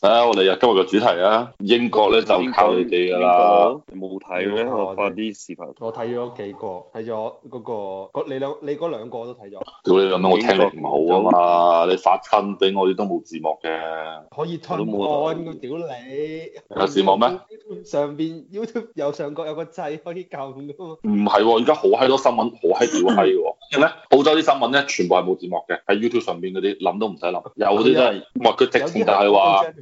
啊！我哋今日嘅主題啊，英國咧就靠你哋噶啦。你冇睇咩？我啲視頻。我睇咗幾個，睇咗嗰個，你兩你嗰兩個都睇咗。屌你咁樣，我聽落唔好啊嘛！你發親俾我，都冇字幕嘅。可以吞都冇。我屌你。有字幕咩？上邊 YouTube 右上角有個掣可以撳噶嘛。唔係，而家好閪多新聞，好閪屌閪嘅。澳洲啲新聞咧，全部係冇字幕嘅，喺 YouTube 上邊嗰啲諗都唔使諗。有啲真係，哇！佢直情就係話。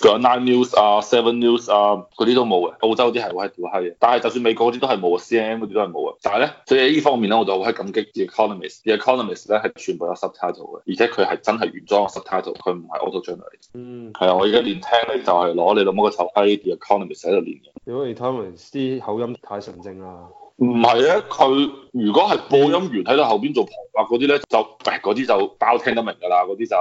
仲有 Nine News 啊、Seven News 啊，嗰啲都冇嘅。澳洲啲係好閪屌閪嘅，但係就算美國啲都係冇啊。C M 啲都係冇嘅。但係咧，即係呢方面咧，我就好係感激啲 Economist The Economist 咧係全部有 subtitle 嘅，而且佢係真係原裝嘅 subtitle，佢唔係 auto generate 嗯。係啊，我而家練聽咧，就係攞你老母個臭閪 The Economist 喺度練嘅。The Economist 啲口音太純正啦。唔係啊，佢如果係播音員喺度後邊做嗰啲咧就，嗰啲就包聽得明㗎啦，嗰啲就，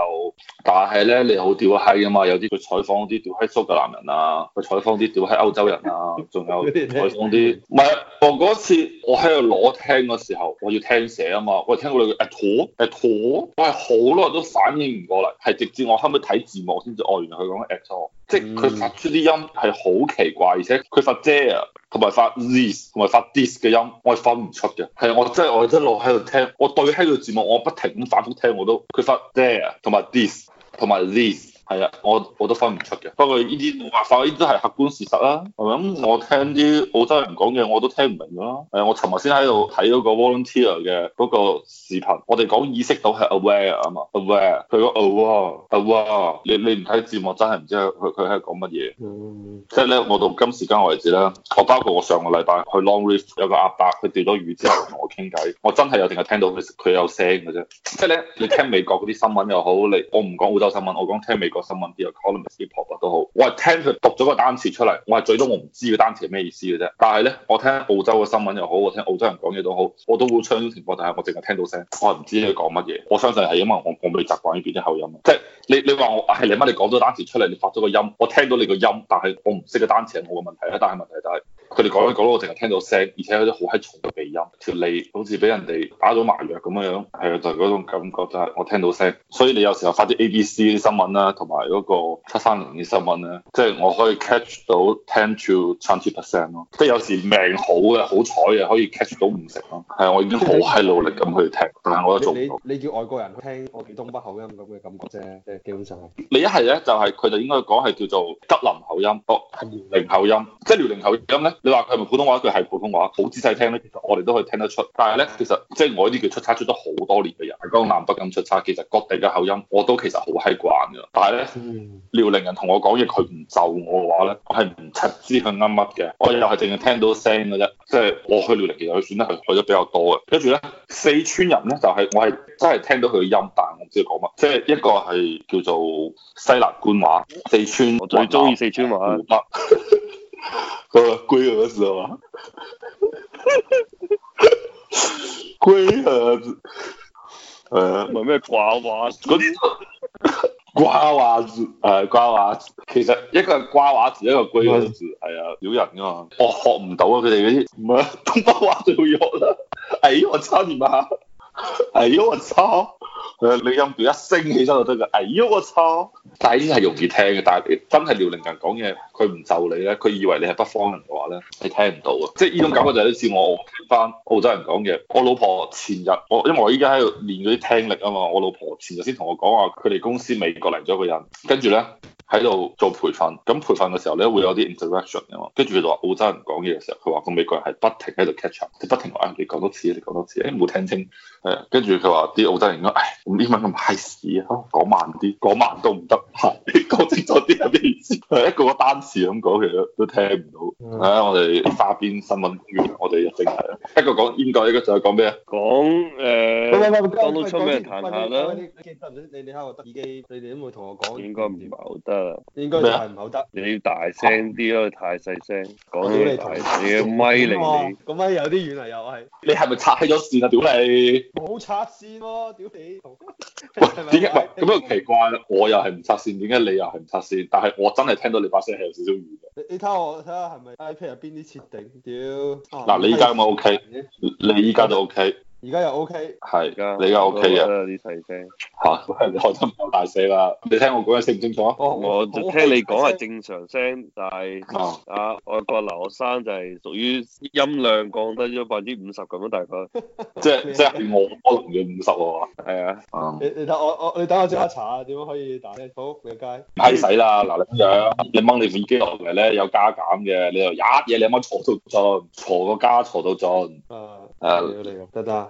但係咧你好屌閪㗎嘛，有啲佢採訪啲屌閪蘇嘅男人啊，佢採訪啲屌閪歐洲人啊，仲有採訪啲，唔係，我嗰次我喺度攞聽嘅時候，我要聽寫啊嘛，我過個、哎哎，我聽 Hall，At 誒 a 誒妥，我係好耐都反應唔過嚟，係直至我後尾睇字幕先知，哦原來佢講誒妥，即係佢發出啲音係好奇怪，而且佢發 there 同埋發 this 同埋發 this 嘅音，我係分唔出嘅，係我真係我一路喺度聽，我對呢個字幕我不停咁反覆聽，我都佢發 there 同埋 this 同埋 this。係啊，我我都分唔出嘅。不過呢啲冇辦法，呢啲都係客觀事實啦，啊。咁我聽啲澳洲人講嘅，我都聽唔明咗。係啊，我尋日先喺度睇嗰個 Volunteer 嘅嗰個視頻，我哋講、er、意識到係 aware 啊嘛，aware。佢講 aware，aware。你你唔睇字幕，真係唔知佢佢喺度講乜嘢。即係咧，我到今時間為止啦。我包括我上個禮拜去 Long Reef 有個阿伯，佢釣咗魚之後同我傾偈，我真係淨係聽到佢佢有聲嘅啫。即係咧，你聽美國嗰啲新聞又好，你我唔講澳洲新聞，我講聽美國。新聞啲啊，可能 skip o p 啊都好，我係聽佢讀咗個單詞出嚟，我係最多我唔知個單詞係咩意思嘅啫。但係咧，我聽澳洲嘅新聞又好，我聽澳洲人講嘢都好，我都會相同情況，但係我淨係聽到聲，我係唔知佢講乜嘢。我相信係因為我我未習慣呢邊啲口音，即係你你話我係你乜？你講咗單詞出嚟，你發咗個音，我聽到你個音，但係我唔識嘅單詞係冇問題啊。但係問題就係。佢哋講一講緊，我淨係聽到聲，而且嗰啲好閪重嘅鼻音，條脷好似俾人哋打咗麻藥咁樣。係啊，就係嗰種感覺，就係我聽到聲。所以你有時候發啲 A B C 啲新聞啦，同埋嗰個七三零啲新聞咧，即係我可以 catch 到 ten to twenty percent 咯。即係有時命好嘅，好彩嘅，可以 catch 到五成咯。係啊，我已經好閪努力咁去聽，但係我都做唔到。你，你，你叫外國人去聽我哋東北口音咁嘅感覺啫，即係基本上你一係咧就係佢哋應該講係叫做吉林口音，哦遼寧口音，即係遼寧口音咧。你話佢係咪普通話？一句係普通話，好仔細聽咧，其實我哋都可以聽得出。但係咧，其實即係我呢啲叫出差出咗好多年嘅人，江南北咁出差，其實各地嘅口音我都其實好閪慣嘅。但係咧，遼寧、嗯、人同我講嘢，佢唔就我嘅話咧，我係唔柒知佢啱乜嘅。我又係淨係聽到聲嘅啫。即係、嗯、我去遼寧，其實算得係去得比較多嘅。跟住咧，四川人咧就係、是、我係真係聽到佢嘅音，但係我唔知佢講乜。即係一個係叫做西南官話，四川我最中意四川話，湖北。 嗰個龜兒子啊，嘛，「龜兒子，誒、哎，唔係咩掛畫嗰啲掛畫字，誒，掛畫字，其實一個係掛畫字，一個龜兒子，係啊， 屌人啊嘛，我學唔到啊，佢哋嗰啲，唔係，東北話最弱啦，哎，我差啲嘛。哎呦我操、嗯！你音調一升起身就得噶，哎呦我操！但係呢啲係容易聽嘅，但係真係遼寧人講嘢，佢唔就你咧，佢以為你係北方人嘅話咧，你聽唔到啊！即係呢種感覺就類、是、似我聽翻澳洲人講嘢。我老婆前日，我因為我依家喺度練嗰啲聽力啊嘛，我老婆前日先同我講話，佢哋公司美國嚟咗一個人，跟住咧喺度做培訓。咁培訓嘅時候咧會有啲 interaction 啊嘛，跟住佢就話澳洲人講嘢嘅時候，佢話個美國人係不停喺度 catch up，即不停話你講多次，你講多次，誒冇聽清。 跟住佢話啲澳洲人應該，唉，五千蚊咁嗨屎啊！講慢啲，講慢，慢都唔得。你講清楚啲有啲意思，一個個單詞咁講，其實都聽唔到。誒，我哋花邊新聞我哋一定題一個講煙鬼，一個就係講咩啊？講誒，講到出咩人彈彈啦？你你開我耳機，你哋都冇同我講，應該唔係好得。應該係唔好得。你要大聲啲咯，太細聲講到你睇。你嘅咪嚟嘅，個咪有啲遠啊，又係。你係咪拆咗線啊？屌你！冇拆線咯，屌你！喂，點解唔係咁樣奇怪？我又係唔拆線。點解你又係唔插線？但係我真係聽到你把聲係有少少遠嘅。你有冇、OK? 啊、你睇我睇下係咪？iPad 入邊啲設定？屌！嗱，你依家咁啊 OK 嘅，你依家都 OK。而家又 O K，係而家你又 O K 啊？啲細聲吓，你學得唔夠大聲啦？你聽我講嘢正唔正常啊？我就聽你講係正常聲，但係啊外國留學生就係屬於音量降低咗百分之五十咁樣，大概即係即係我我可能五十喎，係啊，你你等我我你等下。即刻查下點樣可以大啲。好，你街唔閪使啦，嗱你點樣？你掹你耳機落嚟咧有加減嘅，你又一嘢你掹坐到盡，坐個加坐到盡，誒得得。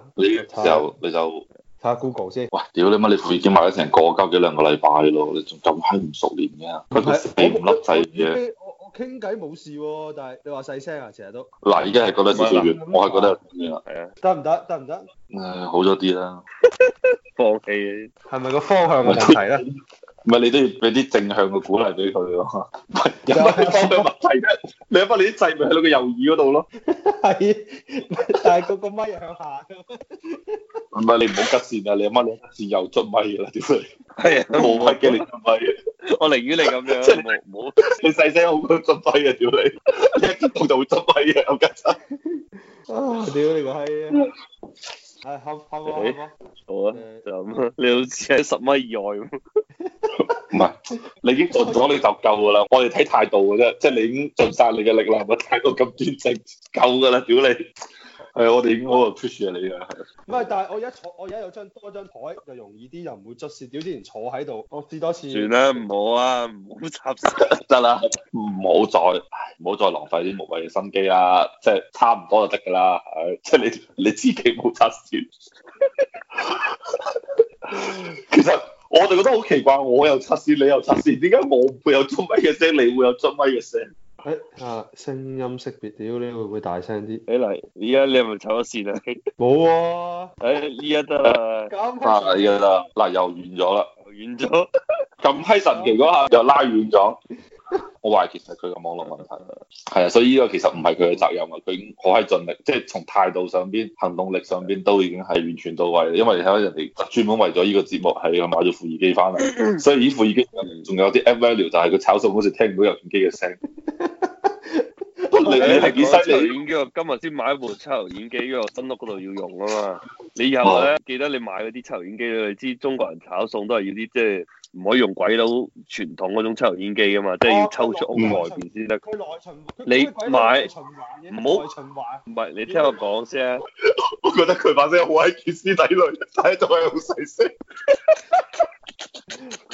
你嘅時候你就睇下 Google 先。喂，屌你乜！你已經買咗成個交幾兩個禮拜咯，你仲咁閪唔熟練嘅，佢啲四五粒掣嘅。我我傾偈冇事喎，但係你話細聲啊，成日都。嗱，而家係覺得少少遠，的我係覺得遠啦。那得唔得？得唔得？誒、嗯，好咗啲啦。 放棄了。係咪個方向問題咧？ 唔係你都要俾啲正向嘅鼓勵俾佢咯，係方向問題啫。你諗翻你啲掣咪去到個右耳嗰度咯，係，但係嗰個咪又向下。唔係，你唔好吉綫 啊！你阿媽你吉綫又執咪啦，屌你！係我係驚你執咪我寧願你咁樣，即你細聲好多執咪啊！屌你，一跌步就會執咪啊！我吉生屌你個閪啊！係，好啊，就咁、uh，你好似喺十米以外咁。唔係，你已經盡咗你就夠噶啦，我哋睇態度嘅啫，即係你已經盡晒你嘅力啦，係咪？太過咁端正，夠噶啦，屌你！係，我哋已經好啊，push 住你噶係。唔係，但係我而家坐，我而家有張多張台，又容易啲，又唔會捽線。我之前坐喺度，我試多次。算啦，唔好啊，唔好擦線。得啦，唔好再，唔好再浪費啲無謂嘅心機啦、啊。即係差唔多就得噶啦。係，即係你你自己冇擦線。 其實我哋覺得好奇怪，我又擦線，你又擦線，點解我會有做乜嘢聲，你會有做乜嘢聲？誒啊，聲音識別屌你會唔會大聲啲？誒，嚟，依家你係咪坐咗線啊？冇、哎、 啊！誒，依家得啦，咁大噶啦。嗱又軟咗啦，軟咗， 咁批神奇嗰下又拉遠咗。我懷疑，其實佢個網絡問題，係啊， 所以呢個其實唔係佢嘅責任啊，佢已經好係盡力，即係從態度上邊、行動力上邊都已經係完全到位。因為你睇下人哋專門為咗呢個節目係買咗副耳機翻嚟，所以呢副耳機仲有啲 app 就係佢炒餸好似聽唔到油煙機嘅聲。你你幾犀利？油煙機我今日先買一部抽油煙機，因為我新屋嗰度要用啊嘛。你以後咧？ 記得你買嗰啲抽油煙機，你知中國人炒餸都係要啲即係。就是唔可以用鬼佬傳統嗰種抽油煙機噶嘛，即係要抽出屋外邊先得。你買唔好唔係？你聽我講先啊。 我覺得佢把聲好危險，私底裏，睇到係好細聲。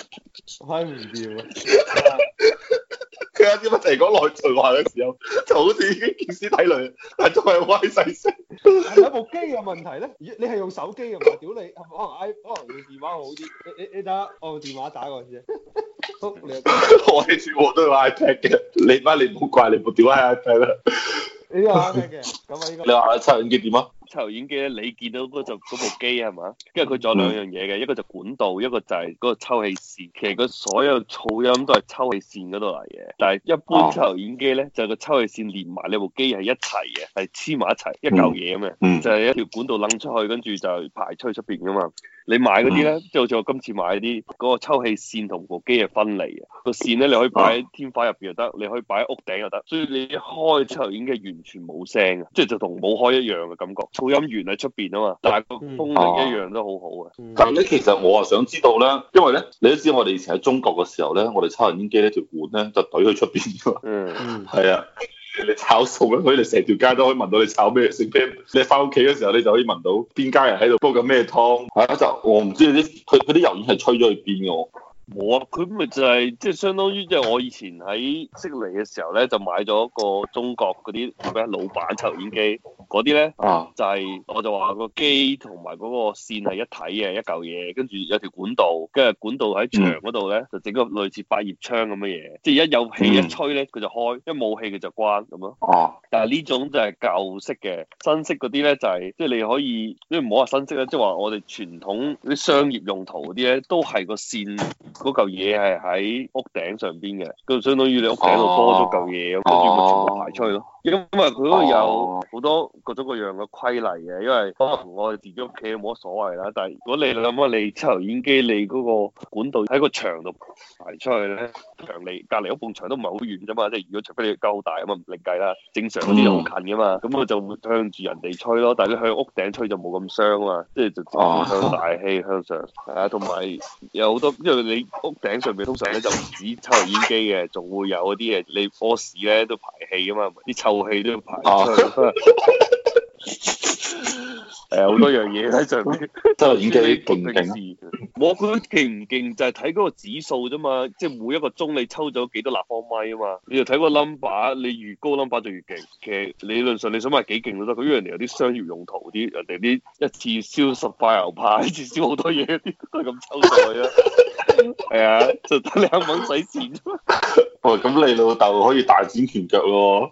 開唔掂，佢有啲乜嘢嚟，講內循環嘅時候，就好似已經見屍體嚟，但仲係歪細聲，係咪部機嘅問題咧？你你係用手機嘅唔係？屌你，可能 i 可能用電話好啲。你你你等我用電話打過先。好，你 我哋全部都用 iPad 嘅，你媽你唔好怪你部屌閪 iPad 啦。你，話，你個 iPad 嘅，咁啊應該。你話插耳機點啊？抽油煙機咧，你見到嗰、嗰個、部機係嘛？跟住佢仲有兩樣嘢嘅，嗯、一個就管道，一個就係嗰個抽氣扇。其實佢所有噪音都係抽氣扇嗰度嚟嘅。但係一般抽油煙機咧，就係、個抽氣扇連埋你部機係一齊嘅，係黐埋一齊，一嚿嘢咁嘅。嗯嗯、就係一條管道掹出去，跟住就排出去出邊噶嘛。你買嗰啲咧，即係好似我今次買啲嗰、嗰個抽氣線同部機嘅分離嘅，嗰個線咧你可以擺喺天花入邊又得，啊、你可以擺喺屋頂又得，所以你開抽油煙機完全冇聲嘅，即係就同冇開一樣嘅感覺，噪音源喺出邊啊嘛，但係個風力一樣都好好、嗯啊嗯、但咁咧其實我啊想知道咧，因為咧你都知我哋以前喺中國嘅時候咧，我哋抽油煙機條呢條管咧就懟喺出邊嘅嘛，嗯，係、 嗯、啊。你炒餸咁，所以你成條街都可以聞到你炒咩食咩。你翻屋企嗰時候，你就可以聞到邊家人喺度煲緊咩湯。嚇、啊！就我唔知啲佢佢啲油煙係吹咗去邊嘅喎。冇啊！佢咪就係即係相當於即係我以前喺悉尼嘅時候咧，就買咗個中國嗰啲咩老闆抽煙機嗰啲咧，呢啊、就係我就話個機同埋嗰個線係一體嘅一嚿嘢，跟住有條管道，跟住管道喺牆嗰度咧就整個類似百葉窗咁嘅嘢，即係一有氣一吹咧佢就開，一冇氣佢就關咁咯。哦，但係呢種就係舊式嘅，新式嗰啲咧就係即係你可以即係唔好話新式啦，即係話我哋傳統啲商業用途嗰啲咧都係個線。嗰嚿嘢係喺屋頂上邊嘅，咁相當於你屋頂度多咗嚿嘢，跟住咪全部排出去咯。因為佢嗰度有好多各種各樣嘅規例嘅，因為可能我哋自己屋企冇乜所謂啦。但係如果你諗下，你抽油煙機，你嗰個管道喺個牆度排出去咧，牆離隔離一埲牆都唔係好遠啫嘛。即係如果除非你夠大咁啊，唔力計啦。正常嗰啲就好近噶嘛，咁佢就會向住人哋吹咯。但係你向屋頂吹就冇咁傷啊，即係就自然向大氣向上。係啊，同埋有好多因為你。屋頂上面通常咧就唔止抽油煙機嘅，仲會有嗰啲嘢，你屙屎咧都排氣噶嘛，啲臭氣都要排出去。 係好 多樣嘢喺上面，即係耳機勁唔勁？我覺得勁唔勁就係睇嗰個指數啫嘛，即係每一個鐘你抽咗幾多立方米啊嘛，你就睇個 number，你越高 number 就越勁。其實理論上你想買幾勁都得，佢呢樣嘢有啲商業用途啲，人哋啲一次燒十塊牛排，一次燒好多嘢，啲都係咁抽上去啊。係 啊，就得你肯唔肯唔使錢啫嘛。喂，咁你老豆可以大展拳腳咯。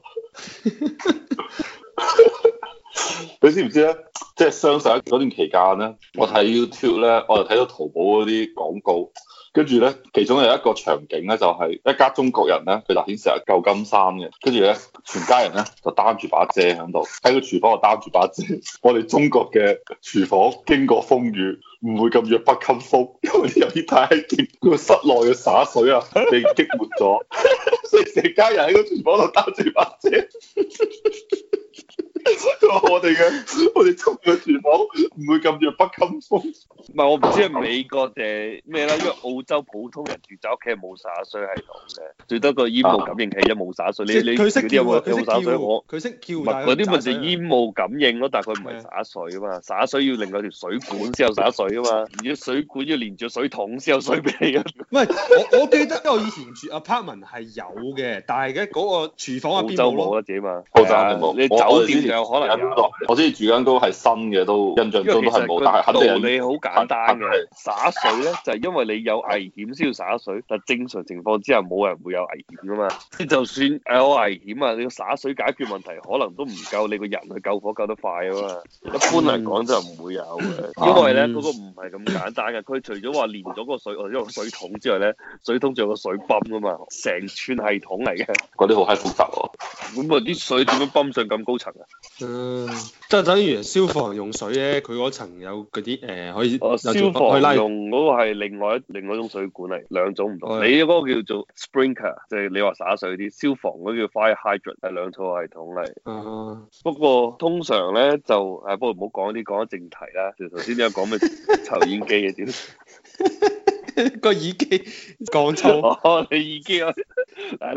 你知唔知咧？即係雙十一嗰段期間咧，我睇 YouTube 咧，我就睇到淘寶嗰啲廣告，跟住咧，其中有一個場景咧，就係、是、一家中國人咧，佢就顯成日舊金山嘅，跟住咧，全家人咧就擔住把遮喺度，喺個廚房度擔住把遮。我哋中國嘅廚房經過風雨，唔會咁弱不禁風，因為有啲太熱，個室內嘅灑水啊被激活咗， 所以成家人喺個廚房度擔住把遮。 我哋嘅我哋浸嘅廚房唔會咁樣不禁風，唔係我唔知係美國定係咩啦，因為澳洲普通人住喺屋企係冇灑水系統嘅，最多個煙霧感應器，因冇灑水。你佢識啲有冇有灑水？我佢識叫嗰啲。咪就煙霧感應咯，但係佢唔係灑水啊嘛，灑水要另外條水管先有灑水啊嘛，而家水管要連住水桶先有水俾你。唔係我我記得我以前住 apartment 係有嘅，但係嘅嗰個廚房係澳洲冇得啫嘛，澳洲你酒店就可能。嗯、我知住緊都係新嘅，都印象中都係冇，但係道理你好簡單嘅灑水咧，就係、是、因為你有危險先要灑水。但係正常情況之下冇人會有危險噶嘛。即就算有危險啊，你要灑水解決問題，可能都唔夠你個人去救火救得快啊嘛。一般嚟講就唔會有嘅，嗯、因為咧嗰、嗯、個唔係咁簡單嘅。佢除咗話連咗個水，因為水桶之外咧，水桶仲有個水泵啊嘛，成串系統嚟嘅。嗰啲好閪複雜喎。咁啊，啲水點樣泵上咁高層啊？誒，即係、嗯、等於消防用水咧，佢嗰層有嗰啲誒，可以、哦、做消防用嗰個係另外一另外一種水管嚟，兩種唔同。的你嗰個叫做 sprinkler，即係你話灑水啲，消防嗰叫 fire hydrant，係兩套系統嚟、嗯哼。不過通常咧就誒，不過唔好講啲，講得正題啦。頭先點有講咩抽煙機嘅？點？ 個耳機講粗，你耳機啊，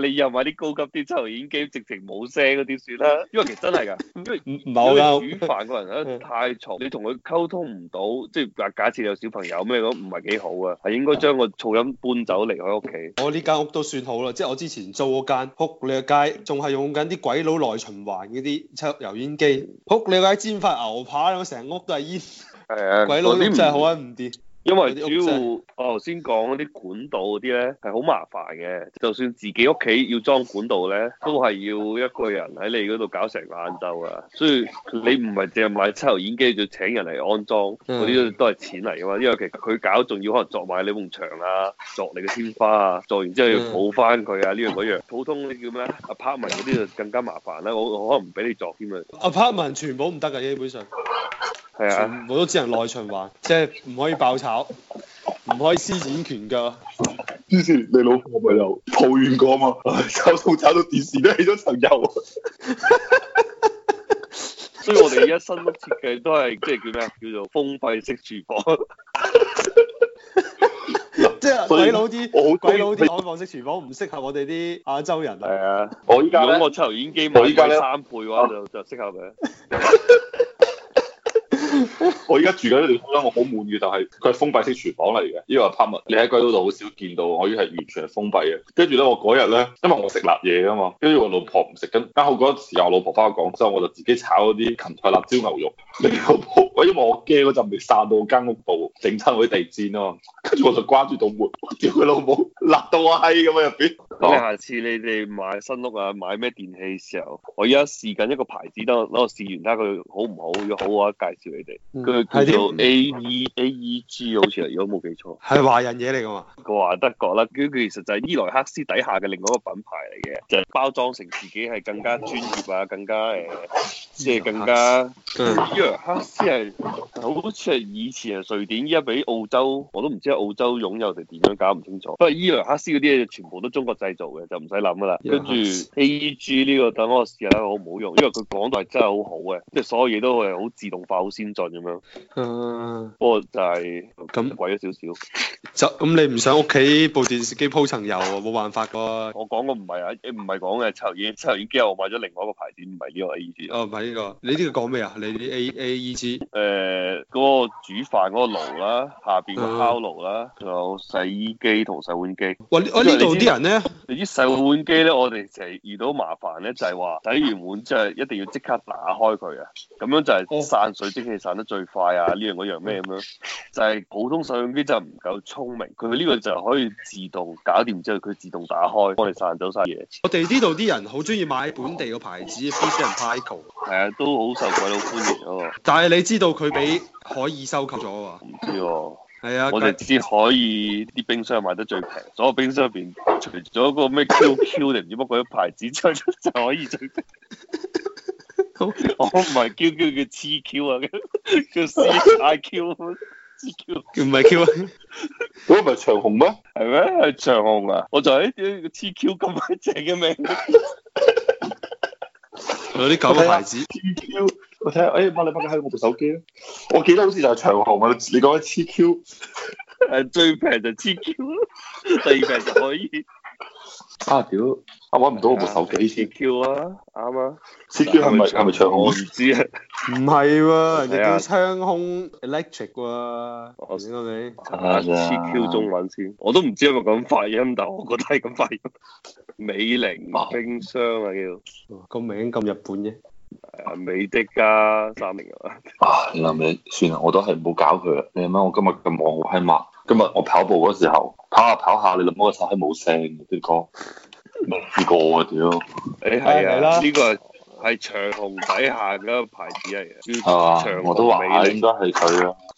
你又買啲高級啲抽油煙機，直情冇聲嗰啲算啦。因為其實真係噶，因為唔係啦。煮飯個人啊太嘈，你同佢溝通唔到，即係假假設有小朋友咩咁，唔係幾好啊，係應該將個噪音搬走離開屋企。我呢間屋都算好啦，即係我之前租嗰間，扑你個街，仲係用緊啲鬼佬內循環嗰啲抽油煙機，扑你個街煎塊牛排，我成屋都係煙。鬼佬真係好唔掂。因為主要我頭先講嗰啲管道嗰啲咧係好麻煩嘅，就算自己屋企要裝管道咧，都係要一個人喺你嗰度搞成個晏晝啊。所以你唔係淨係買抽油煙機，就請人嚟安裝，嗰啲都都係錢嚟噶嘛。因為其實佢搞仲要可能鑿埋你埲牆啊，鑿你嘅天花啊，鑿完之後要補翻佢啊，呢樣嗰樣。普通啲叫咩？apartment 嗰啲就更加麻煩啦。我我可能唔俾你鑿添 啊。apartment 全部唔得噶，基本上。係啊，我都只能內循環，即係唔可以爆炒，唔可以施展拳腳。之前你老婆咪又抱怨過啊嘛，炒到炒到電視都起咗層油。 所以我哋而家新屋設計都係即係叫咩？叫做封閉式廚房。 即係鬼佬啲鬼佬啲，開放非式廚房唔適合我哋啲亞洲人。係啊，我依家如果我抽油煙機冇係三倍嘅話，就就適合嘅。 我而家住緊呢地方咧，我好滿意，就係佢係封閉式廚房嚟嘅，呢、這個係拍物。你喺鬼佬度好少見到，我以為係完全係封閉嘅。跟住咧，我嗰日咧，因為我食辣嘢啊嘛，跟住我老婆唔食，咁啱好嗰時我老婆翻去廣州，我就自己炒嗰啲芹菜辣椒牛肉。你老婆，我因為我驚嗰陣味散到間屋度整親嗰啲地氈咯，跟住我就關住到門。叫佢老母，辣到我閪咁啊入邊！咁你下次你哋買新屋啊，買咩電器嘅時候，我而家試緊一個牌子，等我等我試完睇佢好唔好。如果好嘅話，介紹你哋。佢叫做 A E A E G，好似如果冇記錯，係華人嘢嚟㗎嘛。佢話德國啦，咁佢其實就係伊萊克斯底下嘅另外一個品牌嚟嘅，就係、係、包裝成自己係更加專業啊，更加誒，即係更加。伊萊克斯係加對好似係以前係瑞典，依家俾澳洲，我都唔知澳洲擁有定點樣搞唔清楚。不過伊萊克斯嗰啲嘢全部都中國製。製造嘅就唔使諗噶啦，跟住 A E G 呢個等我試下好唔好用，因為佢講到係真係好好嘅，即係所有嘢都係好自動化、好先進咁樣。不過就係咁貴咗少少。就咁你唔想屋企部電視機鋪層油冇辦法嘅。我講我唔係啊，你唔係講嘅，抽油抽油機我買咗另外一個牌子，唔係呢個 A E G。哦，唔係呢個。你呢個講咩啊？你 A A E G？誒，嗰個煮飯嗰個爐啦，下邊個烤爐啦，仲有洗衣機同洗碗機。喂，我呢度啲人咧～啲洗碗機咧，我哋成日遇到麻煩咧，就係話洗完碗之後一定要即刻打開佢啊，咁樣就係散水蒸氣散得最快啊，呢樣嗰樣咩咁樣？就係普通洗碗機就唔夠聰明，佢呢個就可以自動搞掂之後，佢自動打開幫你散走晒嘢。我哋呢度啲人好中意買本地嘅牌子，Fisher & Paykel 係啊，都好受鬼佬歡迎啊。但係你知道佢俾海爾收購咗啊？唔知。係啊， 我哋只可以啲冰箱買得最平，所有冰箱入邊除咗個咩 Q Q 定唔知乜鬼牌子，出就可以最得。 我唔係 Q Q，叫 C Q 啊，叫 C I Q，C Q 唔係 Q 啊？嗰個唔係長虹咩？係咩？係長虹啊？我就係呢個 C Q 咁鬼正嘅名， 有啲舊嘅牌子。我睇下，哎，馬里巴嘅喺我部手機啊！我記得好似就係長虹啊，你講 CQ，誒，最平就 CQ，第二平就可以。啊屌！啊，搵唔到我部手機。CQ 啊，啱啊。CQ 係咪係咪長虹？我唔知啊。唔係喎，人哋叫長空 Electric 喎。我點解你？啊！CQ 中文先，我都唔知有冇咁發音，但我覺得係咁快音。美菱冰箱啊，叫個名咁日本啫。係、啊、美的加三菱啊！啊，你諗你算啦，我都係唔好搞佢啦。你諗下，我今日咁忙，我喺密，今日我跑步嗰時候跑下跑下，你諗下，這個手機冇聲，啲歌冇試過啊！屌，你係啦，呢個係長虹底下嘅牌子嚟嘅，長虹都話，你應該係佢啊。